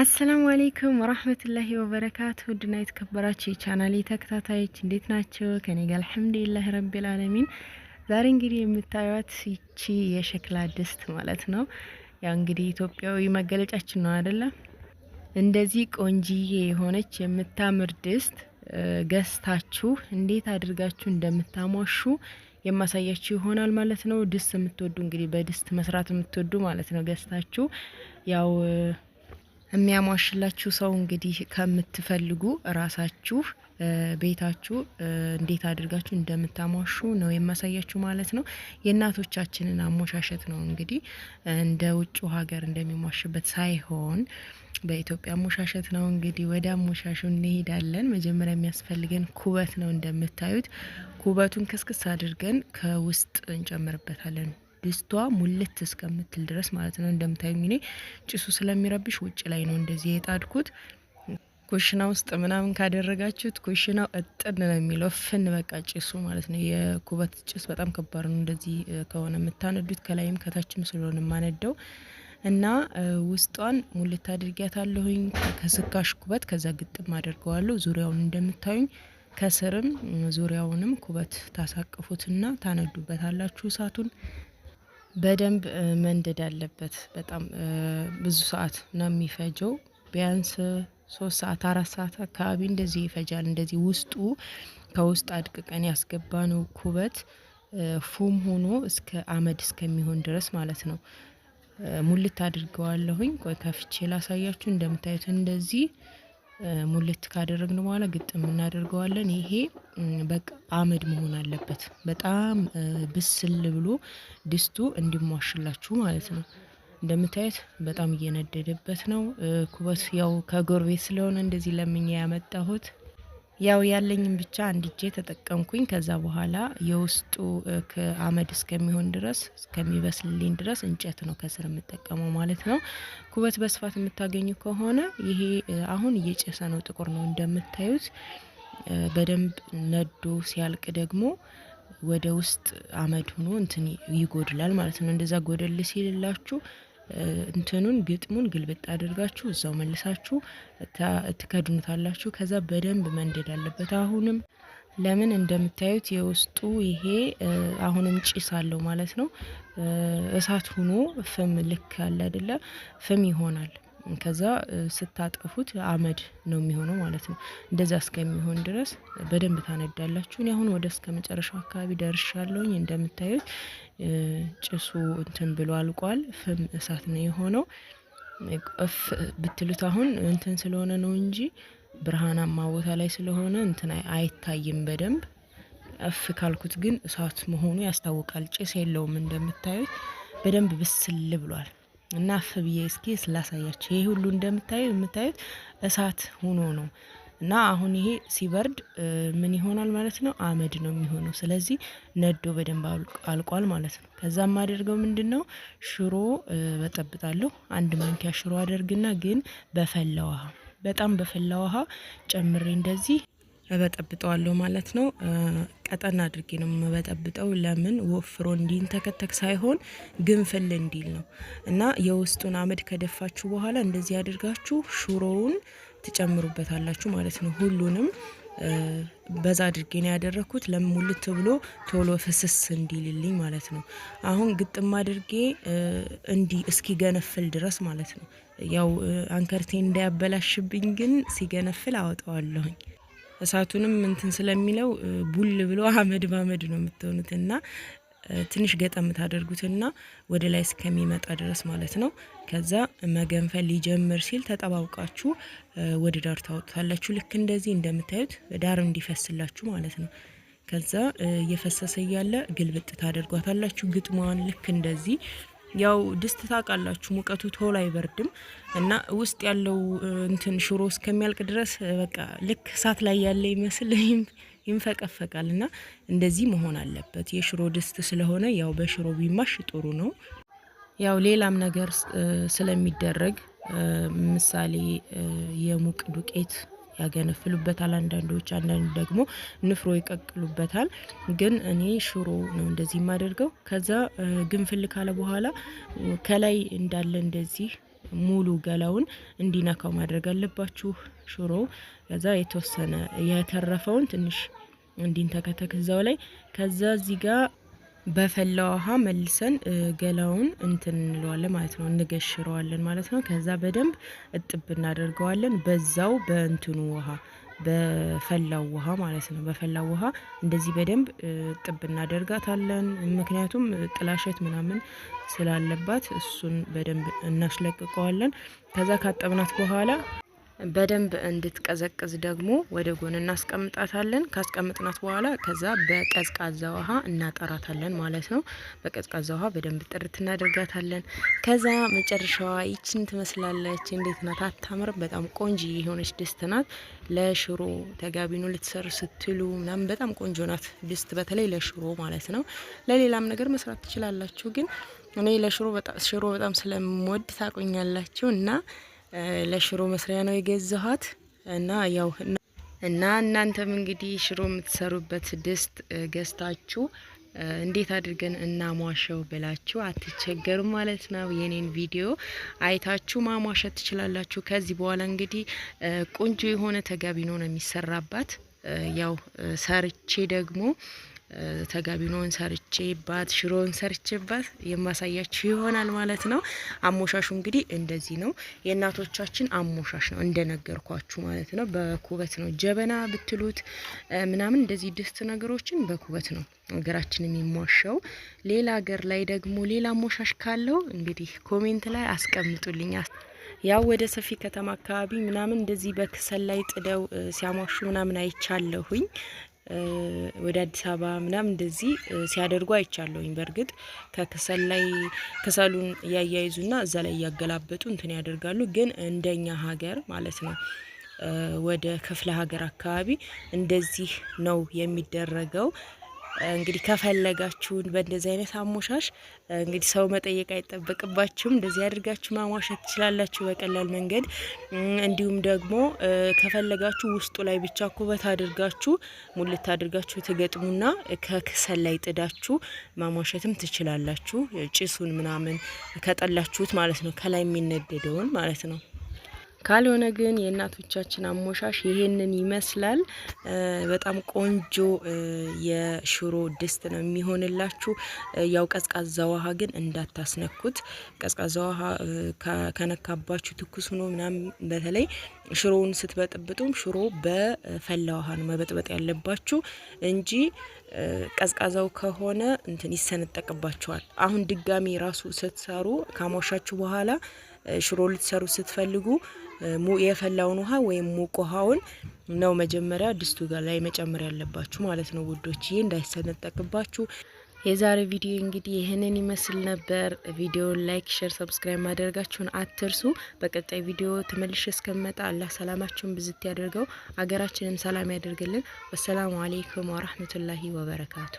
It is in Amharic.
አሰላሙ አሌይኩም ወራህመቱላሂ ወበረካቱ ውድና የተከበራችሁ የቻናሌ ተከታታዮች እንዴት ናቸው? ከኔ ጋር አልሐምዱሊላህ ረቢል አለሚን። ዛሬ እንግዲህ የምታዩት ይቺ የሸክላ ድስት ማለት ነው። ያው እንግዲህ ኢትዮጵያዊ መገለጫችን ነው አይደለም? እንደዚህ ቆንጂዬ የሆነች የምታምር ድስት ገዝታችሁ እንዴት አድርጋችሁ እንደምታሟሹ የማሳያችሁ ይሆናል ማለት ነው። ድስት የምትወዱ እንግዲህ በድስት መስራት የምትወዱ ማለት ነው ገዝታችሁ ያው የሚያሟሽላችሁ ሰው እንግዲህ ከምትፈልጉ ራሳችሁ ቤታችሁ እንዴት አድርጋችሁ እንደምታሟሹ ነው የማሳያችሁ ማለት ነው። የእናቶቻችንን አሞሻሸት ነው እንግዲህ እንደ ውጭ ሀገር እንደሚሟሽበት ሳይሆን በኢትዮጵያ አሞሻሸት ነው። እንግዲህ ወደ አሞሻሹ እንሄዳለን። መጀመሪያ የሚያስፈልገን ኩበት ነው። እንደምታዩት ኩበቱን ክስክስ አድርገን ከውስጥ እንጨምርበታለን። ድስቷ ሙልት እስከምትል ድረስ ማለት ነው። እንደምታዩ ሚኔ ጭሱ ስለሚረብሽ ውጭ ላይ ነው እንደዚህ የጣድኩት። ኩሽና ውስጥ ምናምን ካደረጋችሁት ኩሽናው እጥን ነው የሚለው ፍን በቃ ጭሱ ማለት ነው። የኩበት ጭስ በጣም ከባድ ነው። እንደዚህ ከሆነ የምታነዱት ከላይም ከታችም ስለሆነ የማነደው እና ውስጧን ሙልት አድርጊያታለሁኝ ከስካሽ ኩበት ከዛ ግጥም አድርገዋለሁ ዙሪያውን እንደምታዩኝ ከስርም ዙሪያውንም ኩበት ታሳቅፉትና ታነዱበታላችሁ እሳቱን በደንብ መንደድ አለበት። በጣም ብዙ ሰዓት ነው የሚፈጀው። ቢያንስ ሶስት ሰዓት አራት ሰዓት አካባቢ እንደዚህ ይፈጃል። እንደዚህ ውስጡ ከውስጥ አድቅቀን ያስገባነው ኩበት ፉም ሆኖ እስከ አመድ እስከሚሆን ድረስ ማለት ነው። ሙልት አድርገዋለሁኝ። ቆይ ከፍቼ ላሳያችሁ። እንደምታዩት እንደዚህ ሙልት ካደረግን በኋላ ግጥም እናደርገዋለን። ይሄ በቃ አመድ መሆን አለበት። በጣም ብስል ብሎ ድስቱ እንዲሟሽላችሁ ማለት ነው። እንደምታየት በጣም እየነደደበት ነው ኩበት። ያው ከጎረቤት ስለሆነ እንደዚህ ለምኛ ያመጣሁት ያው ያለኝም ብቻ አንድ እጄ ተጠቀምኩኝ። ከዛ በኋላ የውስጡ አመድ እስከሚሆን ድረስ እስከሚበስልልኝ ድረስ እንጨት ነው ከስር የምጠቀመው ማለት ነው። ኩበት በስፋት የምታገኙ ከሆነ ይሄ አሁን እየጨሰ ነው፣ ጥቁር ነው እንደምታዩት። በደንብ ነዶ ሲያልቅ ደግሞ ወደ ውስጥ አመድ ሆኖ እንትን ይጎድላል ማለት ነው። እንደዛ ጎደል ሲልላችሁ እንትኑን ግጥሙን ግልብጥ አድርጋችሁ እዛው መልሳችሁ ትከድኑታላችሁ። ከዛ በደንብ መንደድ አለበት። አሁንም ለምን እንደምታዩት የውስጡ ይሄ አሁንም ጭስ አለው ማለት ነው። እሳት ሁኖ ፍም ልክ አለ አይደለ? ፍም ይሆናል። ከዛ ስታጠፉት አመድ ነው የሚሆነው ማለት ነው። እንደዛ እስከሚሆን ድረስ በደንብ ታነዳላችሁ። እኔ አሁን ወደ እስከ መጨረሻው አካባቢ ደርሻለሁኝ። እንደምታዩት ጭሱ እንትን ብሎ አልቋል። ፍም እሳት ነው የሆነው። እፍ ብትሉት አሁን እንትን ስለሆነ ነው እንጂ ብርሃናማ ቦታ ላይ ስለሆነ እንትን አይታይም በደንብ እፍ ካልኩት ግን እሳት መሆኑ ያስታውቃል። ጭስ የለውም እንደምታዩት በደንብ ብስል ብሏል። እና ፍብዬ ብዬ እስኪ ስላሳያችሁ ይሄ ሁሉ እንደምታዩ የምታዩት እሳት ሆኖ ነው እና አሁን ይሄ ሲበርድ ምን ይሆናል ማለት ነው? አመድ ነው የሚሆነው። ስለዚህ ነዶ በደንብ አልቋል ማለት ነው። ከዛ የማደርገው ምንድን ነው? ሽሮ በጠብጣለሁ። አንድ ማንኪያ ሽሮ አደርግና ግን በፈላ ውሃ፣ በጣም በፈላ ውሃ ጨምሬ እንደዚህ እበጠብጠዋለሁ ማለት ነው። ቀጠን አድርጌ ነው የምበጠብጠው። ለምን ወፍሮ እንዲንተከተክ ሳይሆን ግንፍል እንዲል ነው እና የውስጡን አመድ ከደፋችሁ በኋላ እንደዚህ አድርጋችሁ ሹሮውን ትጨምሩበታላችሁ ማለት ነው። ሁሉንም በዛ አድርጌ ነው ያደረግኩት። ለሙልት ብሎ ቶሎ ፍስስ እንዲልልኝ ማለት ነው። አሁን ግጥም አድርጌ እንዲህ እስኪገነፍል ድረስ ማለት ነው። ያው አንከርቴ እንዳያበላሽብኝ ግን ሲገነፍል አወጣዋለሁኝ። እሳቱንም እንትን ስለሚለው ቡል ብሎ አመድ ባመድ ነው የምትሆኑት እና ትንሽ ገጠም ታደርጉትና ወደ ላይ እስከሚመጣ ድረስ ማለት ነው። ከዛ መገንፈል ሊጀምር ሲል ተጠባብቃችሁ ወደ ዳር ታወጡታላችሁ። ልክ እንደዚህ እንደምታዩት ዳር እንዲፈስላችሁ ማለት ነው። ከዛ እየፈሰሰ እያለ ግልብጥ ታደርጓታላችሁ ግጥሟን ልክ እንደዚህ ያው ድስት ታውቃላችሁ ሙቀቱ ቶሎ አይበርድም እና ውስጥ ያለው እንትን ሽሮ እስከሚያልቅ ድረስ በቃ ልክ እሳት ላይ ያለ ይመስል ይንፈቀፈቃል እና እንደዚህ መሆን አለበት። የሽሮ ድስት ስለሆነ ያው በሽሮ ቢማሽ ጥሩ ነው። ያው ሌላም ነገር ስለሚደረግ ምሳሌ የሙቅ ዱቄት ያገነፍሉበታል፣ አንዳንዶች አንዳንዱ ደግሞ ንፍሮ ይቀቅሉበታል። ግን እኔ ሽሮ ነው እንደዚህ የማደርገው። ከዛ ግንፍል ካለ በኋላ ከላይ እንዳለ እንደዚህ ሙሉ ገላውን እንዲነካው ማድረግ አለባችሁ ሽሮ። ከዛ የተወሰነ የተረፈውን ትንሽ እንዲንተከተክ እዛው ላይ ከዛ እዚህ ጋር በፈላ ውሃ መልሰን ገላውን እንትን እንለዋለን ማለት ነው፣ እንገሽረዋለን ማለት ነው። ከዛ በደንብ እጥብ እናደርገዋለን በዛው በእንትኑ ውሃ በፈላው ውሃ ማለት ነው። በፈላው ውሃ እንደዚህ በደንብ ጥብ እናደርጋታለን። ምክንያቱም ጥላሸት ምናምን ስላለባት እሱን በደንብ እናስለቅቀዋለን። ከዛ ካጠብናት በኋላ በደንብ እንድትቀዘቅዝ ደግሞ ወደ ጎን እናስቀምጣታለን። ካስቀምጥናት በኋላ ከዛ በቀዝቃዛ ውሃ እናጠራታለን ማለት ነው። በቀዝቃዛ ውሃ በደንብ ጥርት እናደርጋታለን። ከዛ መጨረሻዋ ይችን ትመስላለች። እንዴት ናት? አታምርም? በጣም ቆንጂ የሆነች ድስት ናት። ለሽሮ ተጋቢኑ ልትሰሩ ስትሉ ምናምን በጣም ቆንጆ ናት ድስት፣ በተለይ ለሽሮ ማለት ነው። ለሌላም ነገር መስራት ትችላላችሁ፣ ግን እኔ ለሽሮ ሽሮ በጣም ስለምወድ ታቆኛላችሁ እና ለሽሮ መስሪያ ነው የገዛኋት እና ያው እና እናንተም እንግዲህ ሽሮ የምትሰሩበት ድስት ገዝታችሁ እንዴት አድርገን እናሟሸው ብላችሁ አትቸገሩም ማለት ነው። የኔን ቪዲዮ አይታችሁ ማሟሸት ትችላላችሁ። ከዚህ በኋላ እንግዲህ ቆንጆ የሆነ ተጋቢኖ ነው የሚሰራባት። ያው ሰርቼ ደግሞ ተጋቢኖን ሰርቼባት ሽሮን ሰርቼባት የማሳያችሁ ይሆናል ማለት ነው። አሞሻሹ እንግዲህ እንደዚህ ነው። የእናቶቻችን አሞሻሽ ነው እንደነገርኳችሁ ማለት ነው። በኩበት ነው ጀበና ብትሉት ምናምን እንደዚህ ድስት ነገሮችን በኩበት ነው ሀገራችን የሚሟሸው። ሌላ ሀገር ላይ ደግሞ ሌላ አሞሻሽ ካለው እንግዲህ ኮሜንት ላይ አስቀምጡልኝ። ያው ወደ ሰፊ ከተማ አካባቢ ምናምን እንደዚህ በክሰል ላይ ጥደው ሲያሟሹ ምናምን አይቻለሁኝ። ወደ አዲስ አበባ ምናምን እንደዚህ ሲያደርጉ አይቻለሁኝ። በእርግጥ ከከሰል ላይ ከሰሉን እያያይዙና እዛ ላይ እያገላበጡ እንትን ያደርጋሉ። ግን እንደኛ ሀገር ማለት ነው ወደ ክፍለ ሀገር አካባቢ እንደዚህ ነው የሚደረገው። እንግዲህ ከፈለጋችሁን በእንደዚህ አይነት አሞሻሽ እንግዲህ ሰው መጠየቅ አይጠበቅባችሁም። እንደዚህ አድርጋችሁ ማሟሸት ትችላላችሁ በቀላል መንገድ። እንዲሁም ደግሞ ከፈለጋችሁ ውስጡ ላይ ብቻ ኩበት አድርጋችሁ ሙልት አድርጋችሁ ትገጥሙና ከክሰል ላይ ጥዳችሁ ማሟሸትም ትችላላችሁ። ጭሱን ምናምን ከጠላችሁት ማለት ነው፣ ከላይ የሚነደደውን ማለት ነው። ካልሆነ ግን የእናቶቻችን አሞሻሽ ይሄንን ይመስላል። በጣም ቆንጆ የሽሮ ድስት ነው የሚሆንላችሁ። ያው ቀዝቃዛ ውሃ ግን እንዳታስነኩት። ቀዝቃዛ ውሃ ከነካባችሁ ትኩስ ሆኖ ምናምን በተለይ ሽሮውን ስትበጥብጡም ሽሮ በፈላ ውሃ ነው መበጥበጥ ያለባችሁ እንጂ ቀዝቃዛው ከሆነ እንትን ይሰነጠቅባችኋል። አሁን ድጋሚ ራሱ ስትሰሩ ካሞሻችሁ በኋላ ሽሮ ልትሰሩ ስትፈልጉ የፈላውን ውሃ ወይም ሙቅ ውሃውን ነው መጀመሪያ ድስቱ ጋር ላይ መጨመር ያለባችሁ ማለት ነው ውዶች፣ ይህ እንዳይሰነጠቅባችሁ። የዛሬ ቪዲዮ እንግዲህ ይህንን ይመስል ነበር። ቪዲዮን ላይክ፣ ሼር፣ ሰብስክራይብ ማድረጋችሁን አትርሱ። በቀጣይ ቪዲዮ ተመልሼ እስከመጣ አላህ ሰላማችሁን ብዝት ያደርገው፣ አገራችንም ሰላም ያደርግልን። ወሰላሙ አሌይኩም ወራህመቱላሂ ወበረካቱ።